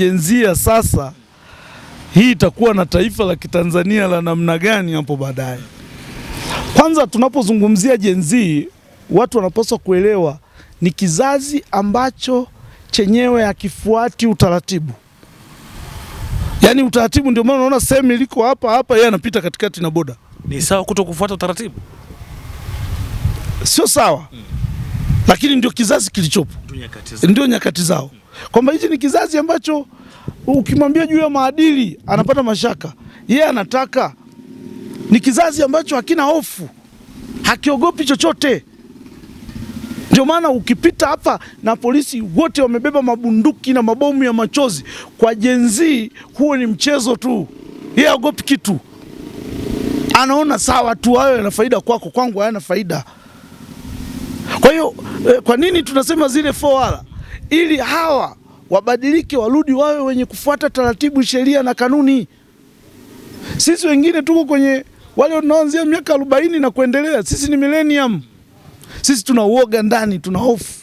Jenzia sasa hii itakuwa na taifa la Kitanzania la namna gani hapo baadaye? Kwanza tunapozungumzia Jenzii, watu wanapaswa kuelewa ni kizazi ambacho chenyewe hakifuati utaratibu, yaani utaratibu. Ndio maana unaona sehemu iliko hapa hapa, yeye anapita katikati na boda. Ni sawa kuto kufuata utaratibu? Sio sawa hmm lakini ndio kizazi kilichopo, ndio nyakati zao, kwamba hichi ni kizazi ambacho ukimwambia juu ya maadili anapata mashaka. Yeye anataka ni kizazi ambacho hakina hofu, hakiogopi chochote. Ndio maana ukipita hapa na polisi wote wamebeba mabunduki na mabomu ya machozi, kwa jenzii huo ni mchezo tu. Yeye aogopi kitu, anaona sawa tu, hayo yana faida kwako, kwangu hayana faida. Kwa hiyo eh, kwa nini tunasema zile 4R? Ili hawa wabadilike, warudi wawe wenye kufuata taratibu, sheria na kanuni. Sisi wengine tuko kwenye wale wanaoanzia miaka arobaini na kuendelea, sisi ni millennium. Sisi tuna uoga ndani, tuna hofu.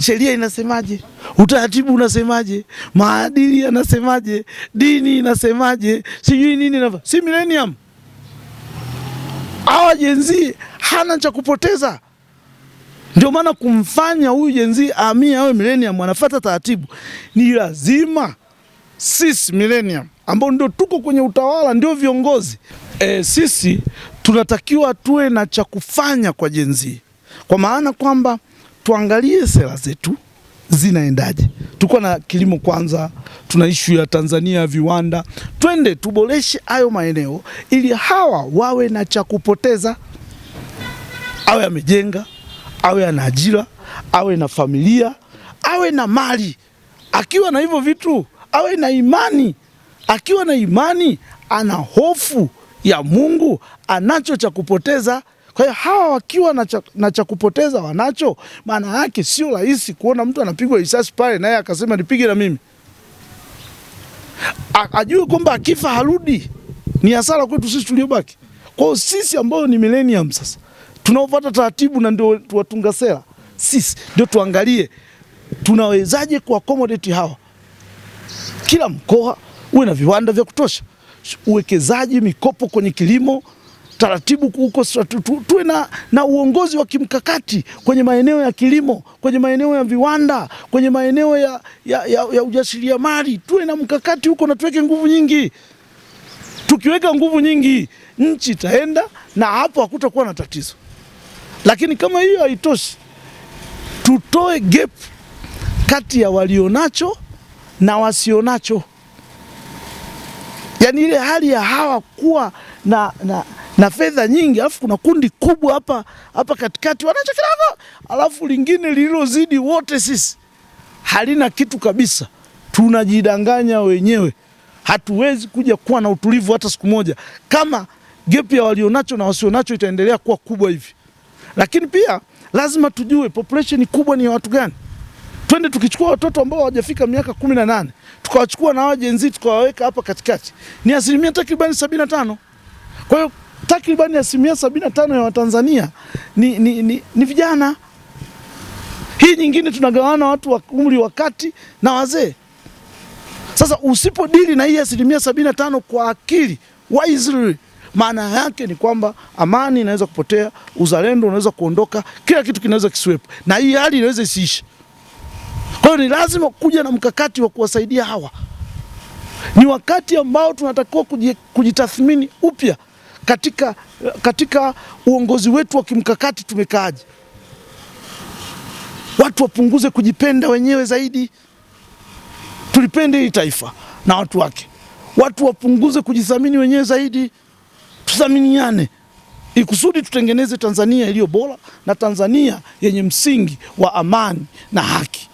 Sheria inasemaje? Utaratibu unasemaje? Maadili yanasemaje? Dini inasemaje? Sijui nini na si millennium. Hawa jenzi hana cha kupoteza. Ndio maana kumfanya huyu jenzi amii awe millennium anafuata taratibu, ni lazima sisi millennium ambao ndio tuko kwenye utawala, ndio viongozi e, sisi tunatakiwa tuwe na cha kufanya kwa jenzi, kwa maana kwamba tuangalie sera zetu zinaendaje. Tuko na kilimo kwanza, tuna ishu ya Tanzania viwanda, twende tuboreshe hayo maeneo ili hawa wawe na cha kupoteza, awe amejenga awe ana ajira, awe na familia, awe na mali. Akiwa na hivyo vitu, awe na imani. Akiwa na imani, ana hofu ya Mungu, anacho cha kupoteza. Kwa hiyo hawa wakiwa na cha, na cha kupoteza wanacho, maana yake sio rahisi kuona mtu anapigwa risasi pale naye akasema nipige na mimi, ajue kwamba akifa harudi. Ni hasara kwetu sisi tuliobaki. Kwa sisi ambayo ni millennium sasa tunaofuata taratibu na ndio tuwatunga sera sisi, ndio tuangalie tunawezaje accommodate hawa. Kila mkoa uwe na viwanda vya kutosha, uwekezaji, mikopo kwenye kilimo, taratibu huko, tuwe na, na uongozi wa kimkakati kwenye maeneo ya kilimo, kwenye maeneo ya viwanda, kwenye maeneo ya, ya, ya, ya ujasiriamali. Tuwe na mkakati huko na tuweke nguvu nyingi. Tukiweka nguvu nyingi, nchi itaenda na hapo hakutakuwa na tatizo. Lakini kama hiyo haitoshi, tutoe gap kati ya walionacho na wasionacho, yaani ile hali ya hawa kuwa na, na, na fedha nyingi, alafu kuna kundi kubwa hapa hapa katikati wanacho kidogo, alafu lingine lililozidi wote sisi halina kitu kabisa. Tunajidanganya wenyewe. Hatuwezi kuja kuwa na utulivu hata siku moja kama gepi ya walionacho na wasionacho itaendelea kuwa kubwa hivi. Lakini pia lazima tujue population kubwa ni ya watu gani. Twende tukichukua watoto ambao hawajafika miaka kumi na nane tukawachukua na wajenzi tukawaweka hapa katikati, ni asilimia takribani sabini na tano. Kwa hiyo takribani asilimia sabini na tano ya Watanzania ni, ni, ni, ni vijana. Hii nyingine tunagawana watu wa umri wa kati na wazee. Sasa usipodili na hii asilimia sabini na tano kwa akili wisely maana yake ni kwamba amani inaweza kupotea, uzalendo unaweza kuondoka, kila kitu kinaweza kisiwepo, na hii hali inaweza isiishi. Kwa hiyo ni lazima kuja na mkakati wa kuwasaidia hawa. Ni wakati ambao tunatakiwa kujitathmini upya katika, katika uongozi wetu wa kimkakati tumekaaje. Watu wapunguze kujipenda wenyewe zaidi, tulipende hili taifa na watu wake. Watu wapunguze kujithamini wenyewe zaidi tuthaminiane ikusudi tutengeneze Tanzania iliyo bora na Tanzania yenye msingi wa amani na haki.